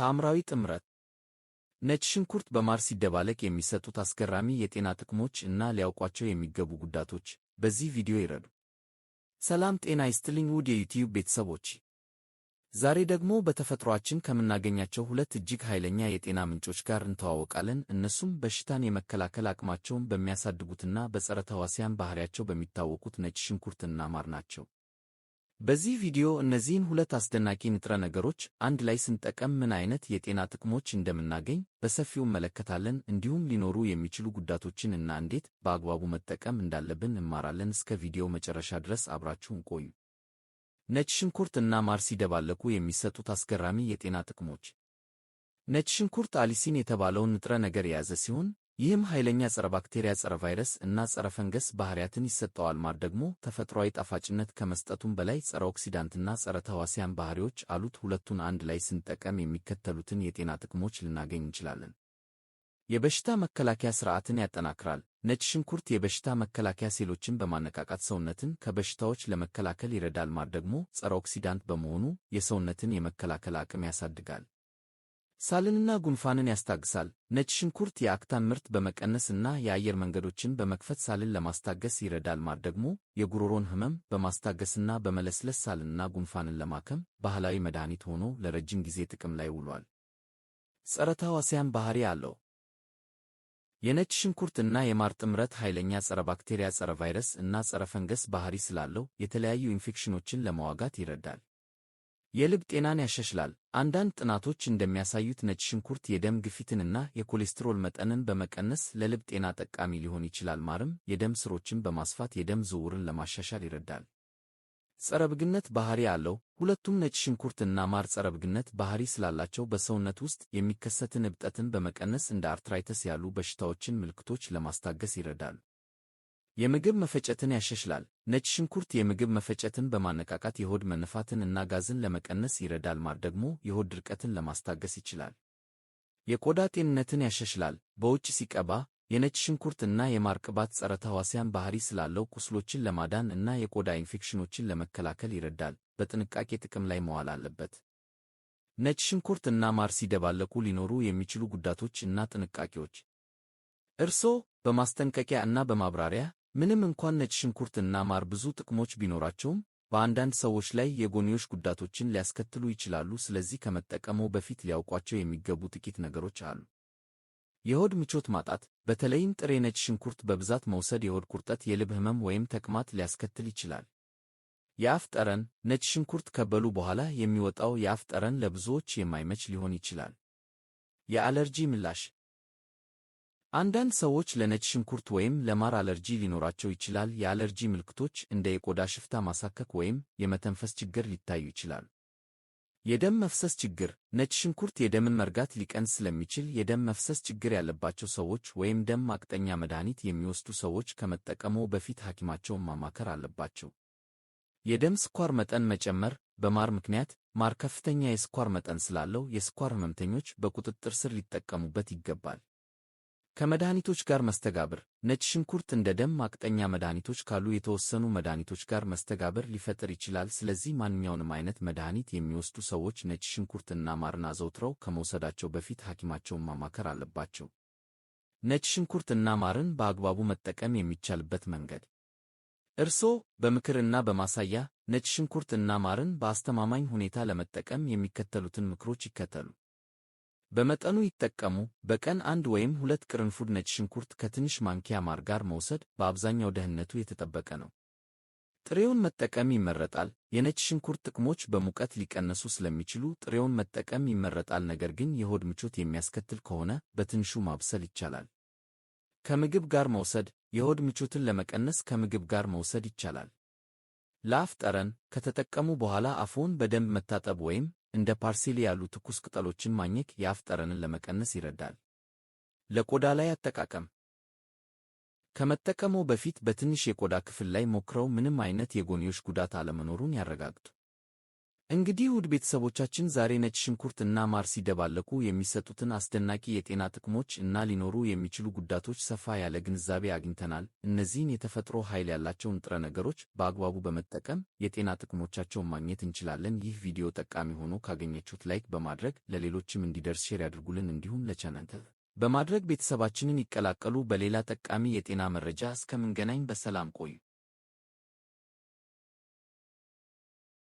ታምራዊ ጥምረት ነጭ ሽንኩርት በማር ሲደባለቅ የሚሰጡት አስገራሚ የጤና ጥቅሞች እና ሊያውቋቸው የሚገቡ ጉዳቶች በዚህ ቪዲዮ ይረዱ። ሰላም ጤና ይስጥልኝ ውድ የዩቲዩብ ቤተሰቦች፣ ዛሬ ደግሞ በተፈጥሯችን ከምናገኛቸው ሁለት እጅግ ኃይለኛ የጤና ምንጮች ጋር እንተዋወቃለን። እነሱም በሽታን የመከላከል አቅማቸውን በሚያሳድጉትና በጸረ ተህዋሲያን ባህሪያቸው በሚታወቁት ነጭ ሽንኩርትና ማር ናቸው። በዚህ ቪዲዮ እነዚህን ሁለት አስደናቂ ንጥረ ነገሮች አንድ ላይ ስንጠቀም ምን አይነት የጤና ጥቅሞች እንደምናገኝ በሰፊው እንመለከታለን። እንዲሁም ሊኖሩ የሚችሉ ጉዳቶችን እና እንዴት በአግባቡ መጠቀም እንዳለብን እንማራለን። እስከ ቪዲዮ መጨረሻ ድረስ አብራችሁን ቆዩ። ነጭ ሽንኩርት እና ማር ሲደባለቁ የሚሰጡት አስገራሚ የጤና ጥቅሞች። ነጭ ሽንኩርት አሊሲን የተባለውን ንጥረ ነገር የያዘ ሲሆን ይህም ኃይለኛ ጸረ ባክቴሪያ፣ ጸረ ቫይረስ እና ጸረ ፈንገስ ባህሪያትን ይሰጠዋል። ማር ደግሞ ተፈጥሯዊ ጣፋጭነት ከመስጠቱም በላይ ጸረ ኦክሲዳንትና ጸረ ተዋሲያን ባህሪዎች አሉት። ሁለቱን አንድ ላይ ስንጠቀም የሚከተሉትን የጤና ጥቅሞች ልናገኝ እንችላለን። የበሽታ መከላከያ ስርዓትን ያጠናክራል። ነጭ ሽንኩርት የበሽታ መከላከያ ሴሎችን በማነቃቃት ሰውነትን ከበሽታዎች ለመከላከል ይረዳል። ማር ደግሞ ጸረ ኦክሲዳንት በመሆኑ የሰውነትን የመከላከል አቅም ያሳድጋል። ሳልንና ጉንፋንን ያስታግሳል። ነጭ ሽንኩርት የአክታን ምርት በመቀነስ እና የአየር መንገዶችን በመክፈት ሳልን ለማስታገስ ይረዳል። ማር ደግሞ የጉሮሮን ህመም በማስታገስና በመለስለስ ሳልንና ጉንፋንን ለማከም ባህላዊ መድኃኒት ሆኖ ለረጅም ጊዜ ጥቅም ላይ ውሏል። ጸረ ተህዋሲያን ባህሪ አለው። የነጭ ሽንኩርት እና የማር ጥምረት ኃይለኛ ጸረ ባክቴሪያ፣ ጸረ ቫይረስ እና ጸረ ፈንገስ ባህሪ ስላለው የተለያዩ ኢንፌክሽኖችን ለመዋጋት ይረዳል። የልብ ጤናን ያሻሽላል። አንዳንድ ጥናቶች እንደሚያሳዩት ነጭ ሽንኩርት የደም ግፊትንና የኮሌስትሮል መጠንን በመቀነስ ለልብ ጤና ጠቃሚ ሊሆን ይችላል። ማርም የደም ስሮችን በማስፋት የደም ዝውውርን ለማሻሻል ይረዳል። ጸረ ብግነት ባህሪ አለው። ሁለቱም ነጭ ሽንኩርት እና ማር ጸረ ብግነት ባህሪ ስላላቸው በሰውነት ውስጥ የሚከሰትን እብጠትን በመቀነስ እንደ አርትራይተስ ያሉ በሽታዎችን ምልክቶች ለማስታገስ ይረዳል። የምግብ መፈጨትን ያሻሽላል። ነጭ ሽንኩርት የምግብ መፈጨትን በማነቃቃት የሆድ መነፋትን እና ጋዝን ለመቀነስ ይረዳል። ማር ደግሞ የሆድ ድርቀትን ለማስታገስ ይችላል። የቆዳ ጤንነትን ያሻሽላል። በውጭ ሲቀባ የነጭ ሽንኩርት እና የማር ቅባት ጸረ ተህዋሲያን ባህሪ ስላለው ቁስሎችን ለማዳን እና የቆዳ ኢንፌክሽኖችን ለመከላከል ይረዳል። በጥንቃቄ ጥቅም ላይ መዋል አለበት። ነጭ ሽንኩርት እና ማር ሲደባለቁ ሊኖሩ የሚችሉ ጉዳቶች እና ጥንቃቄዎች እርስዎ በማስጠንቀቂያ እና በማብራሪያ ምንም እንኳን ነጭ ሽንኩርትና ማር ብዙ ጥቅሞች ቢኖራቸውም በአንዳንድ ሰዎች ላይ የጎንዮሽ ጉዳቶችን ሊያስከትሉ ይችላሉ። ስለዚህ ከመጠቀመው በፊት ሊያውቋቸው የሚገቡ ጥቂት ነገሮች አሉ። የሆድ ምቾት ማጣት፣ በተለይም ጥሬ ነጭ ሽንኩርት በብዛት መውሰድ የሆድ ቁርጠት፣ የልብ ህመም ወይም ተቅማት ሊያስከትል ይችላል። የአፍ ጠረን፣ ነጭ ሽንኩርት ከበሉ በኋላ የሚወጣው የአፍ ጠረን ለብዙዎች የማይመች ሊሆን ይችላል። የአለርጂ ምላሽ አንዳንድ ሰዎች ለነጭ ሽንኩርት ወይም ለማር አለርጂ ሊኖራቸው ይችላል። የአለርጂ ምልክቶች እንደ የቆዳ ሽፍታ፣ ማሳከክ ወይም የመተንፈስ ችግር ሊታዩ ይችላሉ። የደም መፍሰስ ችግር፣ ነጭ ሽንኩርት የደምን መርጋት ሊቀንስ ስለሚችል የደም መፍሰስ ችግር ያለባቸው ሰዎች ወይም ደም ማቅጠኛ መድኃኒት የሚወስዱ ሰዎች ከመጠቀሙ በፊት ሐኪማቸውን ማማከር አለባቸው። የደም ስኳር መጠን መጨመር፣ በማር ምክንያት ማር ከፍተኛ የስኳር መጠን ስላለው የስኳር ህመምተኞች በቁጥጥር ስር ሊጠቀሙበት ይገባል። ከመድኃኒቶች ጋር መስተጋብር ነጭ ሽንኩርት እንደ ደም ማቅጠኛ መድኃኒቶች ካሉ የተወሰኑ መድኃኒቶች ጋር መስተጋብር ሊፈጥር ይችላል። ስለዚህ ማንኛውንም አይነት መድኃኒት የሚወስዱ ሰዎች ነጭ ሽንኩርትና ማርን አዘውትረው ከመውሰዳቸው በፊት ሐኪማቸውን ማማከር አለባቸው። ነጭ ሽንኩርትና ማርን በአግባቡ መጠቀም የሚቻልበት መንገድ እርስዎ በምክርና በማሳያ ነጭ ሽንኩርትና ማርን በአስተማማኝ ሁኔታ ለመጠቀም የሚከተሉትን ምክሮች ይከተሉ። በመጠኑ ይጠቀሙ። በቀን አንድ ወይም ሁለት ቅርንፉድ ነጭ ሽንኩርት ከትንሽ ማንኪያ ማር ጋር መውሰድ በአብዛኛው ደህንነቱ የተጠበቀ ነው። ጥሬውን መጠቀም ይመረጣል። የነጭ ሽንኩርት ጥቅሞች በሙቀት ሊቀነሱ ስለሚችሉ ጥሬውን መጠቀም ይመረጣል። ነገር ግን የሆድ ምቾት የሚያስከትል ከሆነ በትንሹ ማብሰል ይቻላል። ከምግብ ጋር መውሰድ የሆድ ምቾትን ለመቀነስ ከምግብ ጋር መውሰድ ይቻላል። ለአፍ ጠረን ከተጠቀሙ በኋላ አፉን በደንብ መታጠብ ወይም እንደ ፓርሲል ያሉ ትኩስ ቅጠሎችን ማኘክ የአፍ ጠረንን ለመቀነስ ይረዳል። ለቆዳ ላይ አጠቃቀም ከመጠቀመው በፊት በትንሽ የቆዳ ክፍል ላይ ሞክረው፣ ምንም አይነት የጎንዮሽ ጉዳት አለመኖሩን ያረጋግጡ። እንግዲህ ውድ ቤተሰቦቻችን ዛሬ ነጭ ሽንኩርት እና ማር ሲደባለቁ የሚሰጡትን አስደናቂ የጤና ጥቅሞች እና ሊኖሩ የሚችሉ ጉዳቶች ሰፋ ያለ ግንዛቤ አግኝተናል። እነዚህን የተፈጥሮ ኃይል ያላቸው ንጥረ ነገሮች በአግባቡ በመጠቀም የጤና ጥቅሞቻቸውን ማግኘት እንችላለን። ይህ ቪዲዮ ጠቃሚ ሆኖ ካገኘችሁት ላይክ በማድረግ ለሌሎችም እንዲደርስ ሼር ያድርጉልን። እንዲሁም ለቻናንተ በማድረግ ቤተሰባችንን ይቀላቀሉ። በሌላ ጠቃሚ የጤና መረጃ እስከምንገናኝ በሰላም ቆዩ።